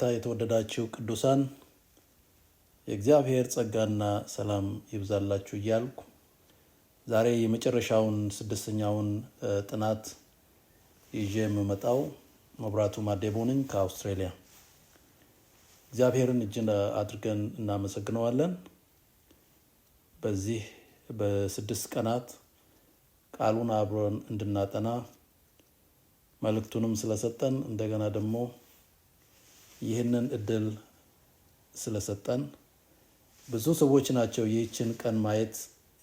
በጌታ የተወደዳችሁ ቅዱሳን የእግዚአብሔር ጸጋና ሰላም ይብዛላችሁ እያልኩ ዛሬ የመጨረሻውን ስድስተኛውን ጥናት ይዤ የምመጣው መብራቱ ማዴቦ ነኝ ከአውስትራሊያ። እግዚአብሔርን እጅን አድርገን እናመሰግነዋለን። በዚህ በስድስት ቀናት ቃሉን አብረን እንድናጠና መልእክቱንም ስለሰጠን እንደገና ደግሞ ይህንን እድል ስለሰጠን ብዙ ሰዎች ናቸው ይህችን ቀን ማየት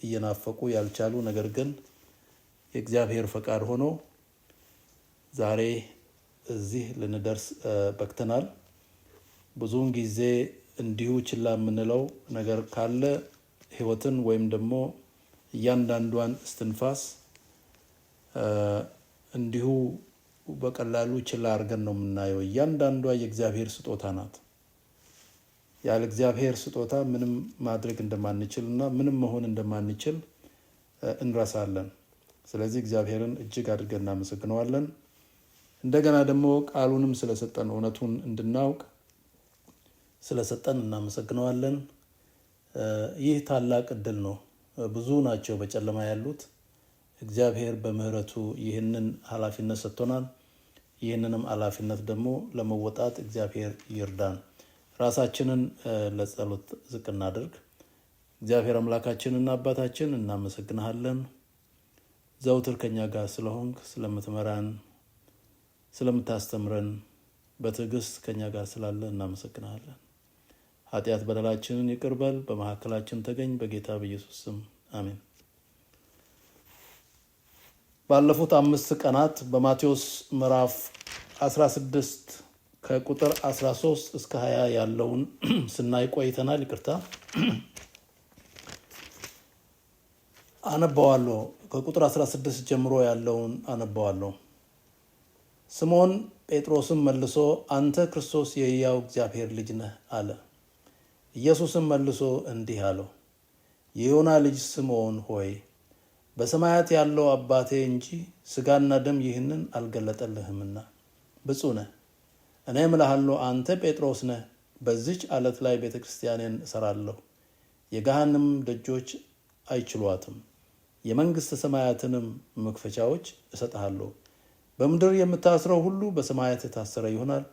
እየናፈቁ ያልቻሉ። ነገር ግን የእግዚአብሔር ፈቃድ ሆኖ ዛሬ እዚህ ልንደርስ በቅተናል። ብዙውን ጊዜ እንዲሁ ችላ የምንለው ነገር ካለ ህይወትን ወይም ደግሞ እያንዳንዷን እስትንፋስ እንዲሁ በቀላሉ ችላ አድርገን ነው የምናየው። እያንዳንዷ የእግዚአብሔር ስጦታ ናት። ያለ እግዚአብሔር ስጦታ ምንም ማድረግ እንደማንችል እና ምንም መሆን እንደማንችል እንረሳለን። ስለዚህ እግዚአብሔርን እጅግ አድርገን እናመሰግነዋለን። እንደገና ደግሞ ቃሉንም ስለሰጠን እውነቱን እንድናውቅ ስለሰጠን እናመሰግነዋለን። ይህ ታላቅ እድል ነው። ብዙ ናቸው በጨለማ ያሉት እግዚአብሔር በምህረቱ ይህንን ኃላፊነት ሰጥቶናል። ይህንንም ኃላፊነት ደግሞ ለመወጣት እግዚአብሔር ይርዳን። ራሳችንን ለጸሎት ዝቅ እናድርግ። እግዚአብሔር አምላካችንና አባታችን እናመሰግንሃለን። ዘውትር ከኛ ጋር ስለሆንክ፣ ስለምትመራን፣ ስለምታስተምረን፣ በትዕግስት ከኛ ጋር ስላለ እናመሰግንሃለን። ኃጢአት በደላችንን ይቅርበል፣ በመካከላችን ተገኝ። በጌታ በኢየሱስ ስም አሜን። ባለፉት አምስት ቀናት በማቴዎስ ምዕራፍ 16 ከቁጥር 13 እስከ 20 ያለውን ስናይ ቆይተናል። ይቅርታ አነባዋለሁ። ከቁጥር 16 ጀምሮ ያለውን አነባዋለሁ። ስምዖን ጴጥሮስም መልሶ አንተ ክርስቶስ የሕያው እግዚአብሔር ልጅ ነህ አለ። ኢየሱስም መልሶ እንዲህ አለው የዮና ልጅ ስምዖን ሆይ በሰማያት ያለው አባቴ እንጂ ስጋና ደም ይህንን አልገለጠልህምና ብፁዕ ነ እኔ እምልሃለሁ አንተ ጴጥሮስ ነህ፣ በዚች አለት ላይ ቤተ ክርስቲያኔን እሰራለሁ የገሃንም ደጆች አይችሏትም። የመንግሥተ ሰማያትንም መክፈቻዎች እሰጥሃለሁ። በምድር የምታስረው ሁሉ በሰማያት የታሰረ ይሆናል፣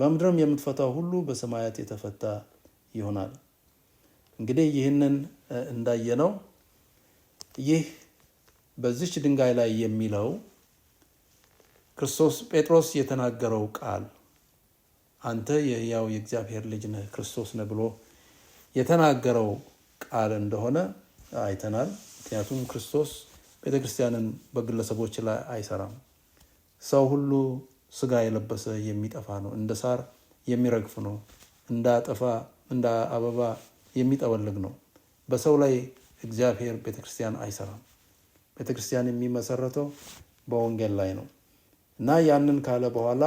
በምድርም የምትፈታው ሁሉ በሰማያት የተፈታ ይሆናል። እንግዲህ ይህንን እንዳየነው ይህ በዚች ድንጋይ ላይ የሚለው ክርስቶስ ጴጥሮስ የተናገረው ቃል አንተ የህያው የእግዚአብሔር ልጅ ነህ ክርስቶስ ነህ ብሎ የተናገረው ቃል እንደሆነ አይተናል። ምክንያቱም ክርስቶስ ቤተክርስቲያንን በግለሰቦች ላይ አይሰራም። ሰው ሁሉ ስጋ የለበሰ የሚጠፋ ነው፣ እንደ ሳር የሚረግፍ ነው፣ እንደ አጠፋ እንደ አበባ የሚጠወልግ ነው። በሰው ላይ እግዚአብሔር ቤተክርስቲያን አይሰራም። ቤተክርስቲያን የሚመሰረተው በወንጌል ላይ ነው እና ያንን ካለ በኋላ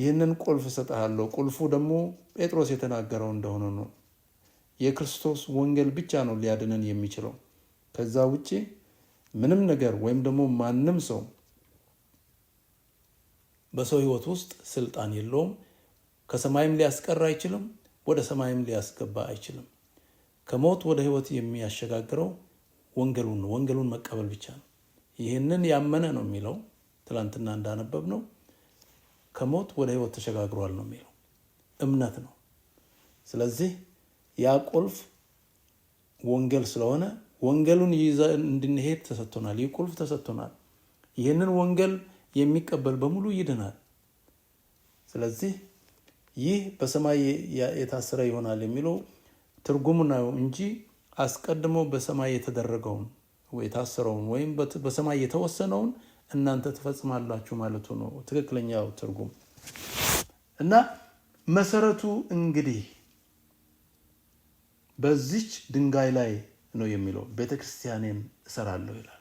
ይህንን ቁልፍ እሰጥሃለሁ። ቁልፉ ደግሞ ጴጥሮስ የተናገረው እንደሆነ ነው። የክርስቶስ ወንጌል ብቻ ነው ሊያድነን የሚችለው። ከዛ ውጭ ምንም ነገር ወይም ደግሞ ማንም ሰው በሰው ሕይወት ውስጥ ስልጣን የለውም። ከሰማይም ሊያስቀር አይችልም፣ ወደ ሰማይም ሊያስገባ አይችልም። ከሞት ወደ ሕይወት የሚያሸጋግረው ወንጌሉን ነው። ወንጌሉን መቀበል ብቻ ነው። ይህንን ያመነ ነው የሚለው ትላንትና እንዳነበብ ነው ከሞት ወደ ህይወት ተሸጋግሯል ነው የሚለው እምነት ነው። ስለዚህ ያ ቁልፍ ወንጌል ስለሆነ ወንጌሉን ይዘ እንድንሄድ ተሰጥቶናል። ይህ ቁልፍ ተሰጥቶናል። ይህንን ወንጌል የሚቀበል በሙሉ ይድናል። ስለዚህ ይህ በሰማይ የታሰረ ይሆናል የሚለው ትርጉም ነው እንጂ አስቀድሞ በሰማይ የተደረገውን የታሰረውን ወይም በሰማይ የተወሰነውን እናንተ ትፈጽማላችሁ ማለቱ ነው ትክክለኛው ትርጉም እና መሰረቱ እንግዲህ በዚች ድንጋይ ላይ ነው የሚለው ቤተክርስቲያኔን እሰራለሁ ይላል።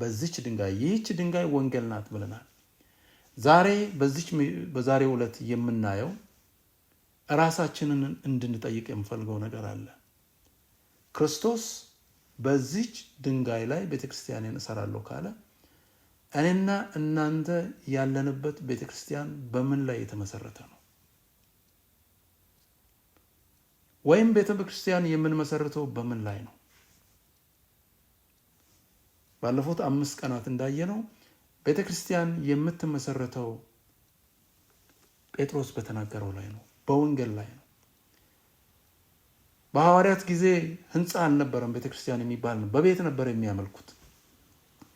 በዚች ድንጋይ ይህች ድንጋይ ወንጌል ናት ብለናል። ዛሬ በዚች በዛሬ ዕለት የምናየው እራሳችንን እንድንጠይቅ የምፈልገው ነገር አለ። ክርስቶስ በዚች ድንጋይ ላይ ቤተክርስቲያንን እሰራለሁ ካለ እኔና እናንተ ያለንበት ቤተክርስቲያን በምን ላይ የተመሰረተ ነው? ወይም ቤተክርስቲያን የምንመሰርተው በምን ላይ ነው? ባለፉት አምስት ቀናት እንዳየነው ቤተክርስቲያን የምትመሰረተው ጴጥሮስ በተናገረው ላይ ነው፣ በወንጌል ላይ ነው። በሐዋርያት ጊዜ ህንፃ አልነበረም፣ ቤተክርስቲያን የሚባል ነው። በቤት ነበር የሚያመልኩት።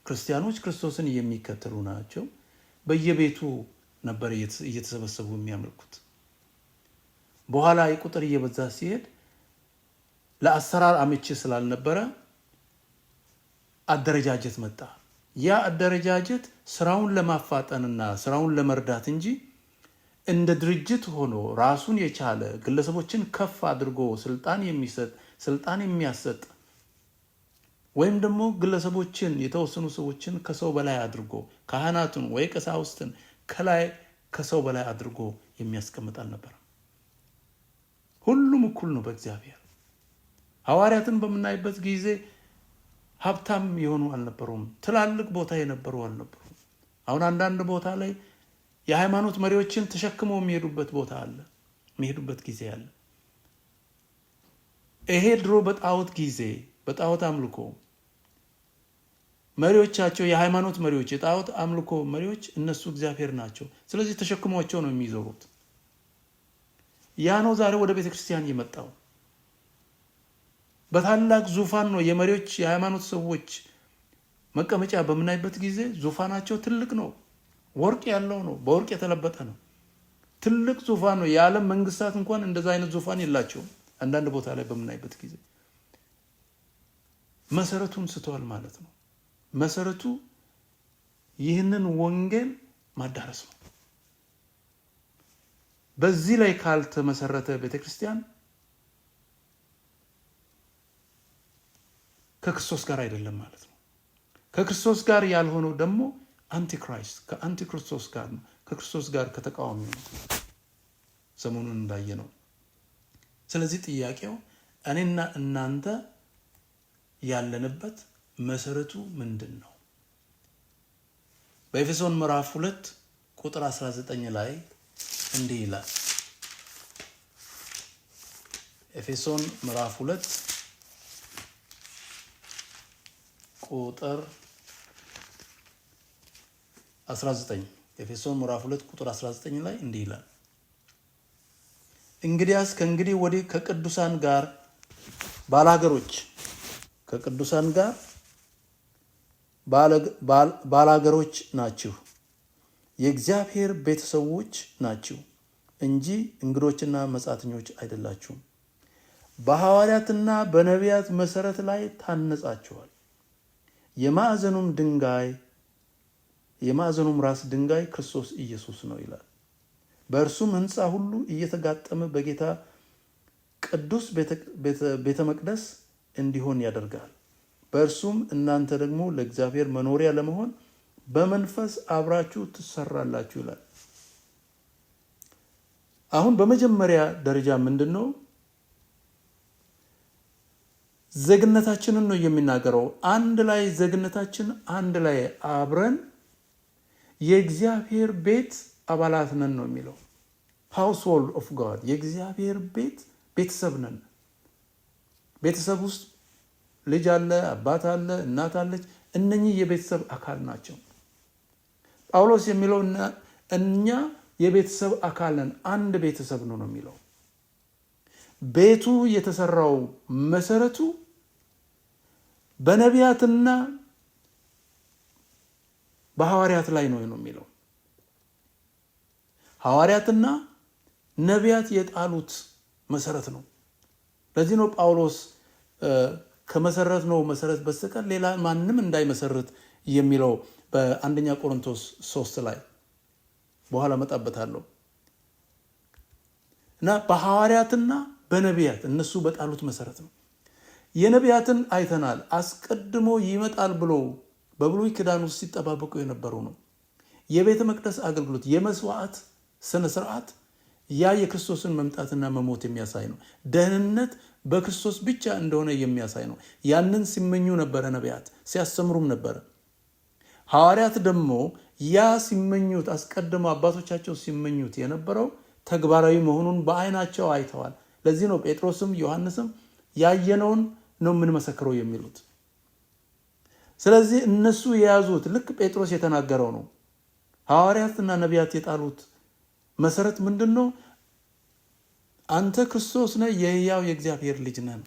ክርስቲያኖች ክርስቶስን የሚከተሉ ናቸው። በየቤቱ ነበር እየተሰበሰቡ የሚያመልኩት። በኋላ ቁጥር እየበዛ ሲሄድ ለአሰራር አመቼ ስላልነበረ አደረጃጀት መጣ። ያ አደረጃጀት ስራውን ለማፋጠንና ስራውን ለመርዳት እንጂ እንደ ድርጅት ሆኖ ራሱን የቻለ ግለሰቦችን ከፍ አድርጎ ስልጣን የሚሰጥ ስልጣን የሚያሰጥ ወይም ደግሞ ግለሰቦችን የተወሰኑ ሰዎችን ከሰው በላይ አድርጎ ካህናቱን ወይ ቀሳውስትን ከላይ ከሰው በላይ አድርጎ የሚያስቀምጥ አልነበረም። ሁሉም እኩል ነው በእግዚአብሔር። ሐዋርያትን በምናይበት ጊዜ ሀብታም የሆኑ አልነበሩም። ትላልቅ ቦታ የነበሩ አልነበሩም። አሁን አንዳንድ ቦታ ላይ የሃይማኖት መሪዎችን ተሸክመው የሚሄዱበት ቦታ አለ፣ የሚሄዱበት ጊዜ አለ። ይሄ ድሮ በጣዖት ጊዜ በጣዖት አምልኮ መሪዎቻቸው የሃይማኖት መሪዎች የጣዖት አምልኮ መሪዎች እነሱ እግዚአብሔር ናቸው። ስለዚህ ተሸክሟቸው ነው የሚዞሩት። ያ ነው ዛሬ ወደ ቤተ ክርስቲያን የመጣው። በታላቅ ዙፋን ነው የመሪዎች የሃይማኖት ሰዎች መቀመጫ በምናይበት ጊዜ ዙፋናቸው ትልቅ ነው። ወርቅ ያለው ነው። በወርቅ የተለበጠ ነው። ትልቅ ዙፋን ነው። የዓለም መንግስታት እንኳን እንደዛ አይነት ዙፋን የላቸውም። አንዳንድ ቦታ ላይ በምናይበት ጊዜ መሰረቱን ስተዋል ማለት ነው። መሰረቱ ይህንን ወንጌል ማዳረስ ነው። በዚህ ላይ ካልተመሰረተ ቤተክርስቲያን ከክርስቶስ ጋር አይደለም ማለት ነው። ከክርስቶስ ጋር ያልሆነው ደግሞ አንቲክራይስት ከአንቲክርስቶስ ጋር ነው፣ ከክርስቶስ ጋር ከተቃዋሚ ሰሞኑን እንዳየ ነው። ስለዚህ ጥያቄው እኔና እናንተ ያለንበት መሰረቱ ምንድን ነው? በኤፌሶን ምዕራፍ 2 ቁጥር 19 ላይ እንዲህ ይላል። ኤፌሶን ምዕራፍ 2 ቁጥር 19 ኤፌሶን ምዕራፍ 2 ቁጥር 19 ላይ እንዲህ ይላል፣ እንግዲያስ ከእንግዲህ ወዲህ ከቅዱሳን ጋር ባላገሮች ከቅዱሳን ጋር ባላገሮች ናችሁ፣ የእግዚአብሔር ቤተሰቦች ናችሁ እንጂ እንግዶችና መጻተኞች አይደላችሁም። በሐዋርያትና በነቢያት መሰረት ላይ ታነጻችኋል። የማዕዘኑም ድንጋይ የማዕዘኑም ራስ ድንጋይ ክርስቶስ ኢየሱስ ነው ይላል። በእርሱም ሕንፃ ሁሉ እየተጋጠመ በጌታ ቅዱስ ቤተ መቅደስ እንዲሆን ያደርጋል። በእርሱም እናንተ ደግሞ ለእግዚአብሔር መኖሪያ ለመሆን በመንፈስ አብራችሁ ትሰራላችሁ ይላል። አሁን በመጀመሪያ ደረጃ ምንድን ነው? ዜግነታችንን ነው የሚናገረው። አንድ ላይ ዜግነታችን አንድ ላይ አብረን የእግዚአብሔር ቤት አባላት ነን ነው የሚለው። ሃውስሆልድ ኦፍ ጋድ የእግዚአብሔር ቤት ቤተሰብ ነን። ቤተሰብ ውስጥ ልጅ አለ፣ አባት አለ፣ እናት አለች። እነኚህ የቤተሰብ አካል ናቸው። ጳውሎስ የሚለው እኛ የቤተሰብ አካል ነን፣ አንድ ቤተሰብ ነው ነው የሚለው። ቤቱ የተሰራው መሰረቱ በነቢያትና በሐዋርያት ላይ ነው ነው የሚለው ሐዋርያትና ነቢያት የጣሉት መሰረት ነው። ለዚህ ነው ጳውሎስ ከመሰረት ነው መሰረት በስተቀር ሌላ ማንም እንዳይመሰርት የሚለው በአንደኛ ቆሮንቶስ ሶስት ላይ በኋላ መጣበታለሁ እና በሐዋርያትና በነቢያት እነሱ በጣሉት መሰረት ነው። የነቢያትን አይተናል። አስቀድሞ ይመጣል ብሎ በብሉይ ኪዳን ውስጥ ሲጠባበቁ የነበሩ ነው። የቤተ መቅደስ አገልግሎት የመስዋዕት ስነ ስርዓት ያ የክርስቶስን መምጣትና መሞት የሚያሳይ ነው። ደህንነት በክርስቶስ ብቻ እንደሆነ የሚያሳይ ነው። ያንን ሲመኙ ነበረ ነቢያት፣ ሲያስተምሩም ነበረ። ሐዋርያት ደግሞ ያ ሲመኙት አስቀድሞ አባቶቻቸው ሲመኙት የነበረው ተግባራዊ መሆኑን በአይናቸው አይተዋል። ለዚህ ነው ጴጥሮስም ዮሐንስም ያየነውን ነው የምንመሰክረው የሚሉት። ስለዚህ እነሱ የያዙት ልክ ጴጥሮስ የተናገረው ነው። ሐዋርያትና ነቢያት የጣሉት መሰረት ምንድን ነው? አንተ ክርስቶስ ነህ፣ የህያው የእግዚአብሔር ልጅ ነን።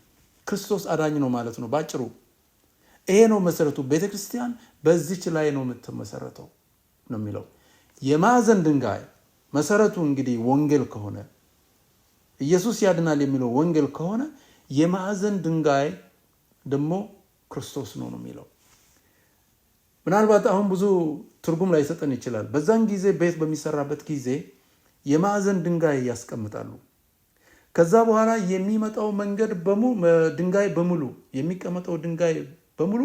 ክርስቶስ አዳኝ ነው ማለት ነው ባጭሩ። ይሄ ነው መሰረቱ። ቤተ ክርስቲያን በዚች ላይ ነው የምትመሰረተው ነው የሚለው የማዕዘን ድንጋይ መሰረቱ እንግዲህ ወንጌል ከሆነ ኢየሱስ ያድናል የሚለው ወንጌል ከሆነ የማዕዘን ድንጋይ ደግሞ ክርስቶስ ነው ነው የሚለው ምናልባት አሁን ብዙ ትርጉም ላይሰጠን ይችላል። በዛን ጊዜ ቤት በሚሰራበት ጊዜ የማዕዘን ድንጋይ ያስቀምጣሉ። ከዛ በኋላ የሚመጣው መንገድ ድንጋይ በሙሉ የሚቀመጠው ድንጋይ በሙሉ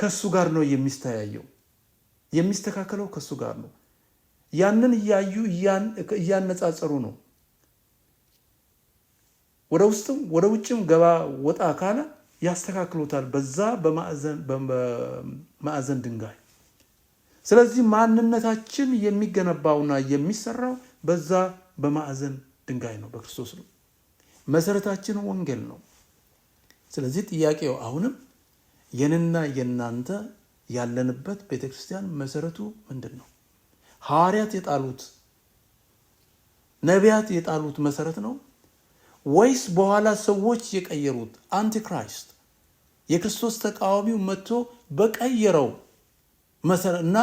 ከሱ ጋር ነው የሚስተያየው፣ የሚስተካከለው ከሱ ጋር ነው። ያንን እያዩ እያነጻጸሩ ነው። ወደ ውስጥም ወደ ውጭም ገባ ወጣ ካለ ያስተካክሉታል በዛ በማዕዘን ድንጋይ። ስለዚህ ማንነታችን የሚገነባውና የሚሰራው በዛ በማዕዘን ድንጋይ ነው፣ በክርስቶስ ነው። መሰረታችን ወንጌል ነው። ስለዚህ ጥያቄው አሁንም የንና የናንተ ያለንበት ቤተክርስቲያን መሰረቱ ምንድን ነው? ሐዋርያት የጣሉት ነቢያት የጣሉት መሰረት ነው ወይስ በኋላ ሰዎች የቀየሩት አንቲክራይስት የክርስቶስ ተቃዋሚው መጥቶ በቀየረው እና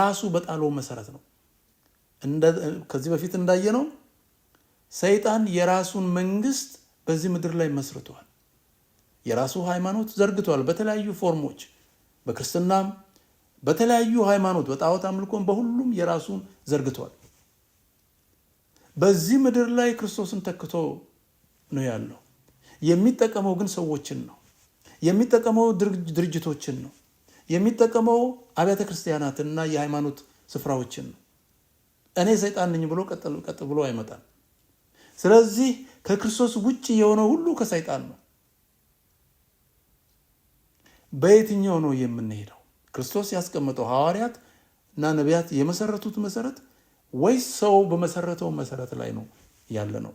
ራሱ በጣለው መሰረት ነው። ከዚህ በፊት እንዳየነው ሰይጣን የራሱን መንግስት በዚህ ምድር ላይ መስርቷል። የራሱ ሃይማኖት ዘርግቷል። በተለያዩ ፎርሞች፣ በክርስትናም፣ በተለያዩ ሃይማኖት፣ በጣዖት አምልኮን፣ በሁሉም የራሱን ዘርግቷል። በዚህ ምድር ላይ ክርስቶስን ተክቶ ነው ያለው። የሚጠቀመው ግን ሰዎችን ነው የሚጠቀመው፣ ድርጅቶችን ነው የሚጠቀመው፣ አብያተ ክርስቲያናትንና የሃይማኖት ስፍራዎችን ነው። እኔ ሰይጣን ነኝ ብሎ ቀጥ ብሎ አይመጣም። ስለዚህ ከክርስቶስ ውጭ የሆነው ሁሉ ከሰይጣን ነው። በየትኛው ነው የምንሄደው? ክርስቶስ ያስቀመጠው ሐዋርያት እና ነቢያት የመሰረቱት መሰረት ወይስ ሰው በመሰረተው መሰረት ላይ ነው ያለ ነው?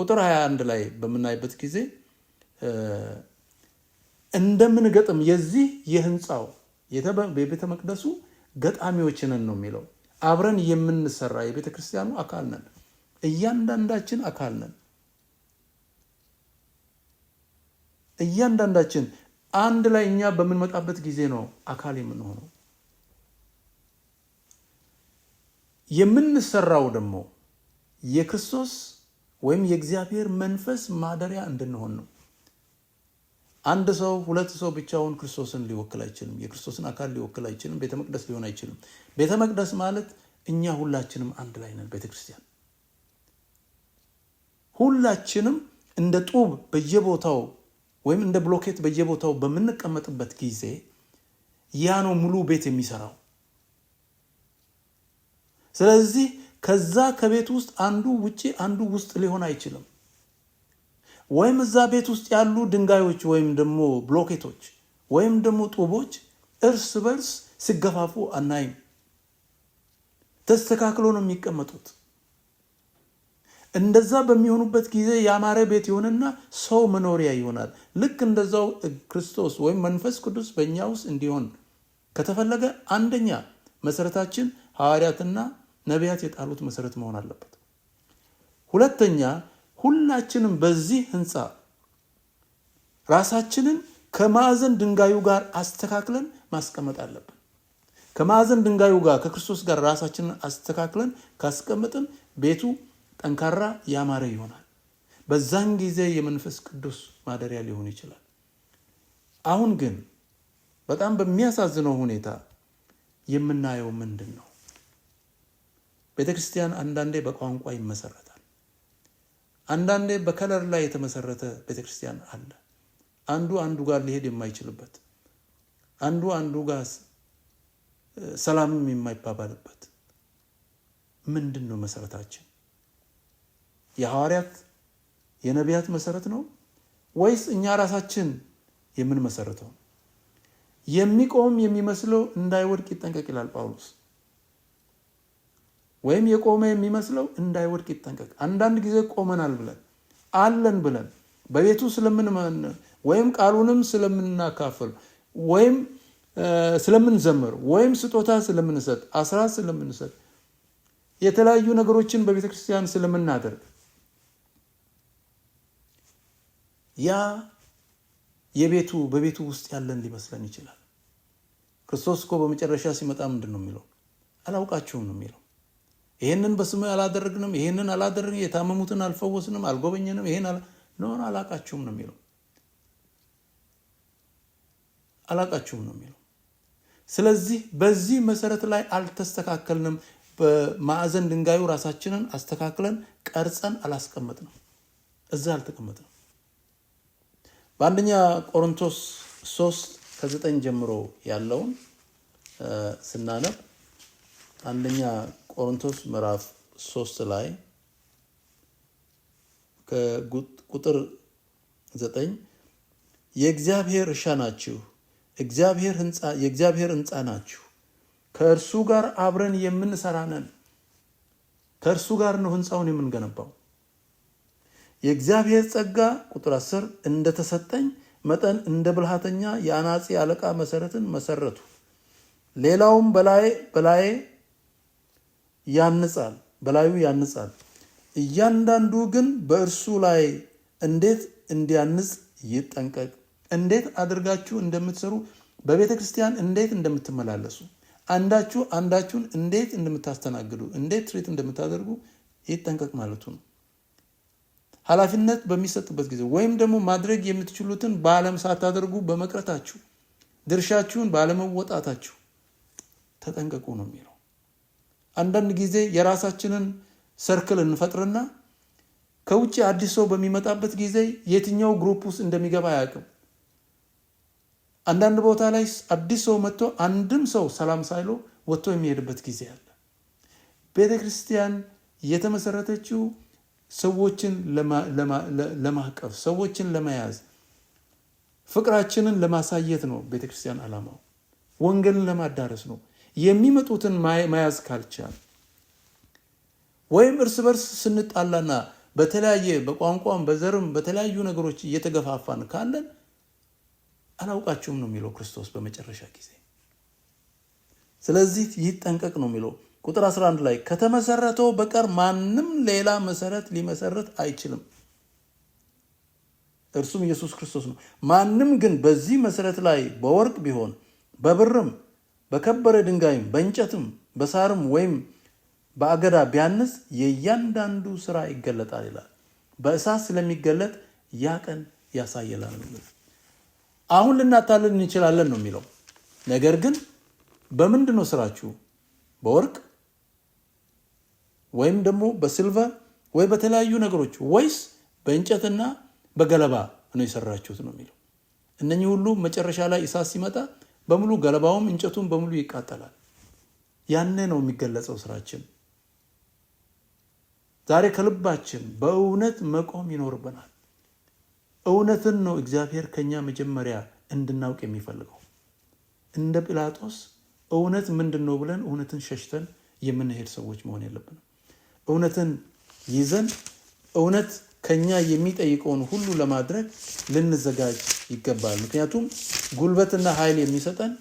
ቁጥር 21 ላይ በምናይበት ጊዜ እንደምንገጥም የዚህ የህንፃው የቤተ መቅደሱ ገጣሚዎችንን ነው የሚለው። አብረን የምንሰራ የቤተ ክርስቲያኑ አካል ነን። እያንዳንዳችን አካል ነን። እያንዳንዳችን አንድ ላይ እኛ በምንመጣበት ጊዜ ነው አካል የምንሆነው። የምንሰራው ደግሞ የክርስቶስ ወይም የእግዚአብሔር መንፈስ ማደሪያ እንድንሆን ነው። አንድ ሰው ሁለት ሰው ብቻውን ክርስቶስን ሊወክል አይችልም። የክርስቶስን አካል ሊወክል አይችልም። ቤተ መቅደስ ሊሆን አይችልም። ቤተ መቅደስ ማለት እኛ ሁላችንም አንድ ላይ ነን። ቤተክርስቲያን ሁላችንም እንደ ጡብ በየቦታው ወይም እንደ ብሎኬት በየቦታው በምንቀመጥበት ጊዜ ያ ነው ሙሉ ቤት የሚሰራው። ስለዚህ ከዛ ከቤት ውስጥ አንዱ ውጪ አንዱ ውስጥ ሊሆን አይችልም። ወይም እዛ ቤት ውስጥ ያሉ ድንጋዮች ወይም ደግሞ ብሎኬቶች ወይም ደግሞ ጡቦች እርስ በርስ ሲገፋፉ አናይም። ተስተካክሎ ነው የሚቀመጡት። እንደዛ በሚሆኑበት ጊዜ የአማረ ቤት ይሆንና ሰው መኖሪያ ይሆናል። ልክ እንደዛው ክርስቶስ ወይም መንፈስ ቅዱስ በእኛ ውስጥ እንዲሆን ከተፈለገ አንደኛ መሰረታችን ሐዋርያትና ነቢያት የጣሉት መሰረት መሆን አለበት። ሁለተኛ ሁላችንም በዚህ ህንፃ ራሳችንን ከማዕዘን ድንጋዩ ጋር አስተካክለን ማስቀመጥ አለብን። ከማዕዘን ድንጋዩ ጋር ከክርስቶስ ጋር ራሳችንን አስተካክለን ካስቀመጥን ቤቱ ጠንካራ ያማረ ይሆናል። በዛን ጊዜ የመንፈስ ቅዱስ ማደሪያ ሊሆን ይችላል። አሁን ግን በጣም በሚያሳዝነው ሁኔታ የምናየው ምንድን ነው? ቤተ ክርስቲያን አንዳንዴ በቋንቋ ይመሰረታል። አንዳንዴ በከለር ላይ የተመሰረተ ቤተ ክርስቲያን አለ። አንዱ አንዱ ጋር ሊሄድ የማይችልበት፣ አንዱ አንዱ ጋር ሰላምም የማይባባልበት ምንድን ነው መሰረታችን? የሐዋርያት የነቢያት መሰረት ነው ወይስ እኛ ራሳችን የምንመሰረተው? የሚቆም የሚመስለው እንዳይወድቅ ይጠንቀቅ ይላል ጳውሎስ። ወይም የቆመ የሚመስለው እንዳይወድቅ ይጠንቀቅ። አንዳንድ ጊዜ ቆመናል ብለን አለን ብለን በቤቱ ስለምንመን ወይም ቃሉንም ስለምናካፍል ወይም ስለምንዘምር ወይም ስጦታ ስለምንሰጥ አስራት ስለምንሰጥ የተለያዩ ነገሮችን በቤተ ክርስቲያን ስለምናደርግ ያ የቤቱ በቤቱ ውስጥ ያለን ሊመስለን ይችላል። ክርስቶስ እኮ በመጨረሻ ሲመጣ ምንድን ነው የሚለው? አላውቃችሁም ነው የሚለው። ይህንን በስሙ አላደረግንም፣ ይህንን አላደረግንም፣ የታመሙትን አልፈወስንም፣ አልጎበኘንም፣ ይህን ለሆነ አላቃችሁም ነው የሚለው አላቃችሁም ነው የሚለው። ስለዚህ በዚህ መሰረት ላይ አልተስተካከልንም። በማዕዘን ድንጋዩ ራሳችንን አስተካክለን ቀርጸን አላስቀመጥንም፣ እዛ አልተቀመጥንም። በአንደኛ ቆሮንቶስ ሶስት ከዘጠኝ ጀምሮ ያለውን ስናነብ አንደኛ ቆሮንቶስ ምዕራፍ ሶስት ላይ ከቁጥር ዘጠኝ የእግዚአብሔር እርሻ ናችሁ፣ የእግዚአብሔር ህንፃ ናችሁ፣ ከእርሱ ጋር አብረን የምንሰራ ነን። ከእርሱ ጋር ነው ህንፃውን የምንገነባው። የእግዚአብሔር ጸጋ ቁጥር አስር እንደተሰጠኝ መጠን እንደ ብልሃተኛ የአናጺ አለቃ መሰረትን መሰረቱ፣ ሌላውም በላዬ ያንጻል፣ በላዩ ያንጻል። እያንዳንዱ ግን በእርሱ ላይ እንዴት እንዲያንጽ ይጠንቀቅ። እንዴት አድርጋችሁ እንደምትሰሩ በቤተ ክርስቲያን እንዴት እንደምትመላለሱ አንዳችሁ አንዳችሁን እንዴት እንደምታስተናግዱ እንዴት ትርኢት እንደምታደርጉ ይጠንቀቅ ማለቱ ነው። ኃላፊነት በሚሰጥበት ጊዜ ወይም ደግሞ ማድረግ የምትችሉትን በዓለም ሳታደርጉ በመቅረታችሁ ድርሻችሁን ባለመወጣታችሁ ተጠንቀቁ ነው የሚለው። አንዳንድ ጊዜ የራሳችንን ሰርክል እንፈጥርና ከውጭ አዲስ ሰው በሚመጣበት ጊዜ የትኛው ግሩፕ ውስጥ እንደሚገባ አያውቅም። አንዳንድ ቦታ ላይ አዲስ ሰው መጥቶ አንድም ሰው ሰላም ሳይሎ ወጥቶ የሚሄድበት ጊዜ አለ። ቤተ ክርስቲያን የተመሰረተችው ሰዎችን ለማቀፍ፣ ሰዎችን ለመያዝ፣ ፍቅራችንን ለማሳየት ነው። ቤተ ክርስቲያን ዓላማው ወንጌልን ለማዳረስ ነው። የሚመጡትን መያዝ ካልቻል ወይም እርስ በርስ ስንጣላና በተለያየ በቋንቋም በዘርም በተለያዩ ነገሮች እየተገፋፋን ካለን አላውቃችሁም ነው የሚለው ክርስቶስ በመጨረሻ ጊዜ። ስለዚህ ይጠንቀቅ ነው የሚለው ቁጥር 11 ላይ ከተመሰረተው በቀር ማንም ሌላ መሰረት ሊመሰረት አይችልም፣ እርሱም ኢየሱስ ክርስቶስ ነው። ማንም ግን በዚህ መሰረት ላይ በወርቅ ቢሆን በብርም በከበረ ድንጋይም በእንጨትም በሳርም ወይም በአገዳ ቢያንስ የእያንዳንዱ ስራ ይገለጣል ይላል። በእሳት ስለሚገለጥ ያ ቀን ያሳየላል። አሁን ልናታልል እንችላለን ነው የሚለው። ነገር ግን በምንድን ነው ስራችሁ? በወርቅ ወይም ደግሞ በሲልቨር ወይ በተለያዩ ነገሮች ወይስ በእንጨትና በገለባ ነው የሰራችሁት ነው የሚለው። እነኚህ ሁሉ መጨረሻ ላይ እሳት ሲመጣ በሙሉ ገለባውም እንጨቱም በሙሉ ይቃጠላል። ያኔ ነው የሚገለጸው ስራችን። ዛሬ ከልባችን በእውነት መቆም ይኖርብናል። እውነትን ነው እግዚአብሔር ከኛ መጀመሪያ እንድናውቅ የሚፈልገው። እንደ ጲላጦስ እውነት ምንድን ነው ብለን እውነትን ሸሽተን የምንሄድ ሰዎች መሆን የለብንም። እውነትን ይዘን እውነት ከኛ የሚጠይቀውን ሁሉ ለማድረግ ልንዘጋጅ ይገባል። ምክንያቱም ጉልበትና ኃይል የሚሰጠን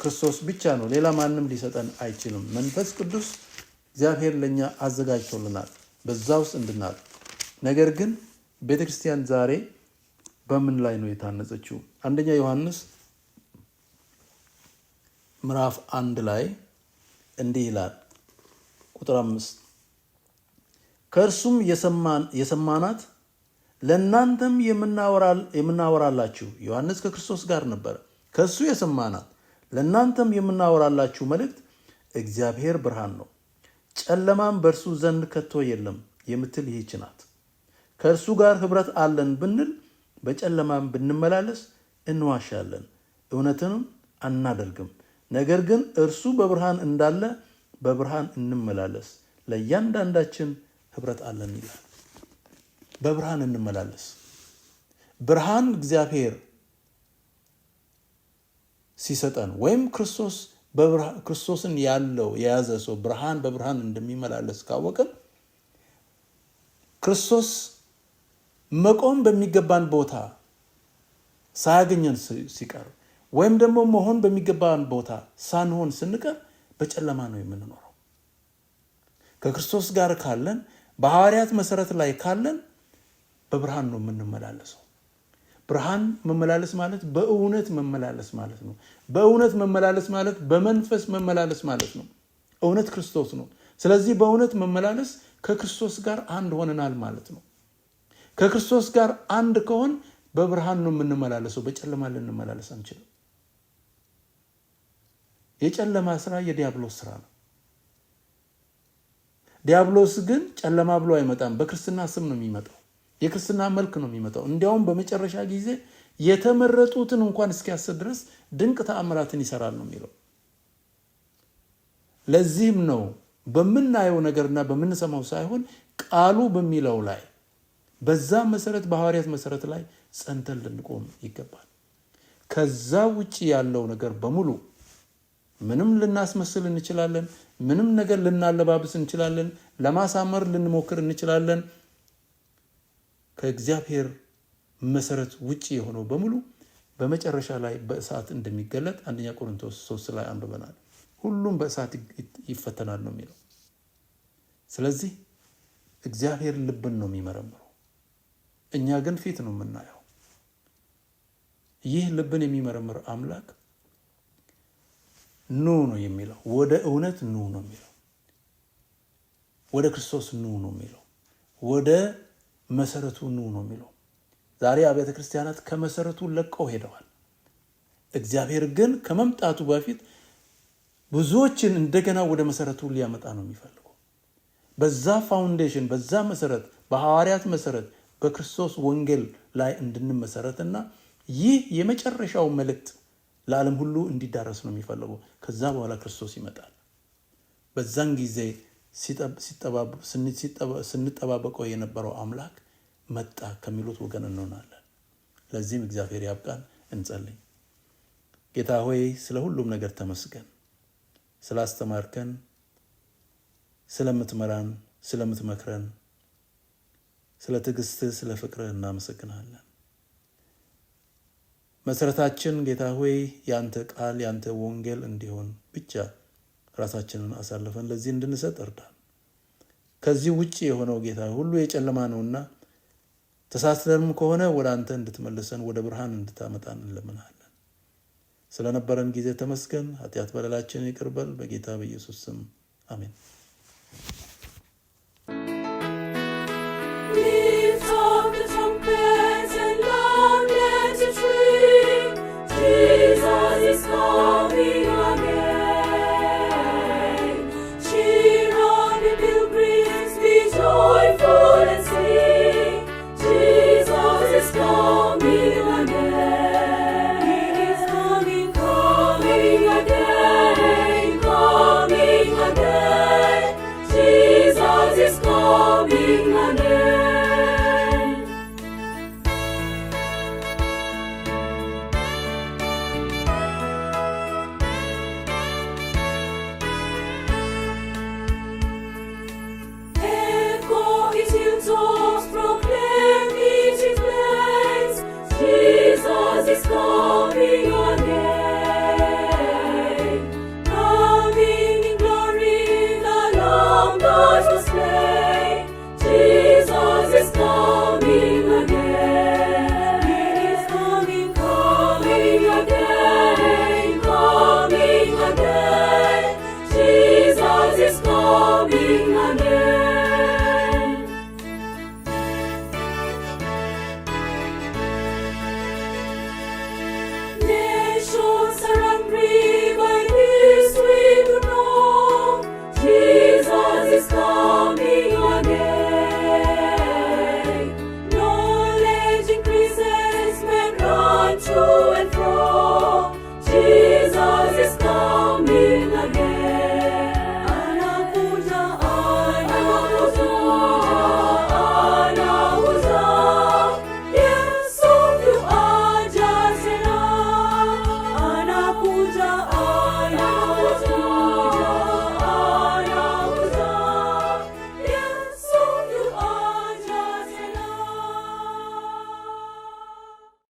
ክርስቶስ ብቻ ነው። ሌላ ማንም ሊሰጠን አይችልም። መንፈስ ቅዱስ እግዚአብሔር ለእኛ አዘጋጅቶልናል በዛ ውስጥ እንድናል። ነገር ግን ቤተክርስቲያን ዛሬ በምን ላይ ነው የታነጸችው? አንደኛ ዮሐንስ ምዕራፍ አንድ ላይ እንዲህ ይላል ቁጥር አምስት ከእርሱም የሰማናት ለእናንተም የምናወራላችሁ ዮሐንስ ከክርስቶስ ጋር ነበረ። ከእሱ የሰማናት ለእናንተም የምናወራላችሁ መልእክት እግዚአብሔር ብርሃን ነው፣ ጨለማም በእርሱ ዘንድ ከቶ የለም የምትል ይህች ናት። ከእርሱ ጋር ኅብረት አለን ብንል በጨለማም ብንመላለስ እንዋሻለን፣ እውነትንም አናደርግም። ነገር ግን እርሱ በብርሃን እንዳለ በብርሃን እንመላለስ ለእያንዳንዳችን ህብረት አለን ይላል። በብርሃን እንመላለስ። ብርሃን እግዚአብሔር ሲሰጠን ወይም ክርስቶስ ክርስቶስን ያለው የያዘ ሰው ብርሃን በብርሃን እንደሚመላለስ ካወቅን ክርስቶስ መቆም በሚገባን ቦታ ሳያገኘን ሲቀር ወይም ደግሞ መሆን በሚገባን ቦታ ሳንሆን ስንቀር በጨለማ ነው የምንኖረው። ከክርስቶስ ጋር ካለን በሐዋርያት መሰረት ላይ ካለን በብርሃን ነው የምንመላለሰው። ብርሃን መመላለስ ማለት በእውነት መመላለስ ማለት ነው። በእውነት መመላለስ ማለት በመንፈስ መመላለስ ማለት ነው። እውነት ክርስቶስ ነው። ስለዚህ በእውነት መመላለስ ከክርስቶስ ጋር አንድ ሆነናል ማለት ነው። ከክርስቶስ ጋር አንድ ከሆን በብርሃን ነው የምንመላለሰው። በጨለማ ልንመላለስ አንችልም። የጨለማ ስራ የዲያብሎስ ስራ ነው። ዲያብሎስ ግን ጨለማ ብሎ አይመጣም። በክርስትና ስም ነው የሚመጣው። የክርስትና መልክ ነው የሚመጣው። እንዲያውም በመጨረሻ ጊዜ የተመረጡትን እንኳን እስኪያስር ድረስ ድንቅ ተአምራትን ይሰራል ነው የሚለው። ለዚህም ነው በምናየው ነገርና በምንሰማው ሳይሆን ቃሉ በሚለው ላይ በዛ መሰረት በሐዋርያት መሰረት ላይ ጸንተን ልንቆም ይገባል። ከዛ ውጭ ያለው ነገር በሙሉ ምንም ልናስመስል እንችላለን። ምንም ነገር ልናለባብስ እንችላለን። ለማሳመር ልንሞክር እንችላለን። ከእግዚአብሔር መሰረት ውጭ የሆነው በሙሉ በመጨረሻ ላይ በእሳት እንደሚገለጥ አንደኛ ቆሮንቶስ ሶስት ላይ አንብበናል። ሁሉም በእሳት ይፈተናል ነው የሚለው። ስለዚህ እግዚአብሔር ልብን ነው የሚመረምረው፣ እኛ ግን ፊት ነው የምናየው። ይህ ልብን የሚመረምር አምላክ ኑ ነው የሚለው። ወደ እውነት ኑ ነው የሚለው። ወደ ክርስቶስ ኑ ነው የሚለው። ወደ መሰረቱ ኑ ነው የሚለው። ዛሬ አብያተ ክርስቲያናት ከመሰረቱ ለቀው ሄደዋል። እግዚአብሔር ግን ከመምጣቱ በፊት ብዙዎችን እንደገና ወደ መሰረቱ ሊያመጣ ነው የሚፈልገው። በዛ ፋውንዴሽን፣ በዛ መሰረት፣ በሐዋርያት መሰረት፣ በክርስቶስ ወንጌል ላይ እንድንመሰረት ይህ የመጨረሻው መልእክት ለዓለም ሁሉ እንዲዳረስ ነው የሚፈልጉ ከዛ በኋላ ክርስቶስ ይመጣል። በዛን ጊዜ ስንጠባበቀው የነበረው አምላክ መጣ ከሚሉት ወገን እንሆናለን። ለዚህም እግዚአብሔር ያብቃን። እንጸልኝ። ጌታ ሆይ ስለ ሁሉም ነገር ተመስገን። ስላስተማርከን፣ ስለምትመራን፣ ስለምትመክረን፣ ስለ ትዕግስትህ፣ ስለ ፍቅር እናመሰግናለን። መሰረታችን ጌታ ሆይ ያንተ ቃል ያንተ ወንጌል እንዲሆን ብቻ ራሳችንን አሳልፈን ለዚህ እንድንሰጥ እርዳን። ከዚህ ውጭ የሆነው ጌታ ሁሉ የጨለማ ነውና ተሳስተንም ከሆነ ወደ አንተ እንድትመልሰን ወደ ብርሃን እንድታመጣን እንለምናለን። ስለነበረን ጊዜ ተመስገን። ኃጢአት በደላችን ይቅርበል። በጌታ በኢየሱስ ስም አሜን። Coming again. surrendering.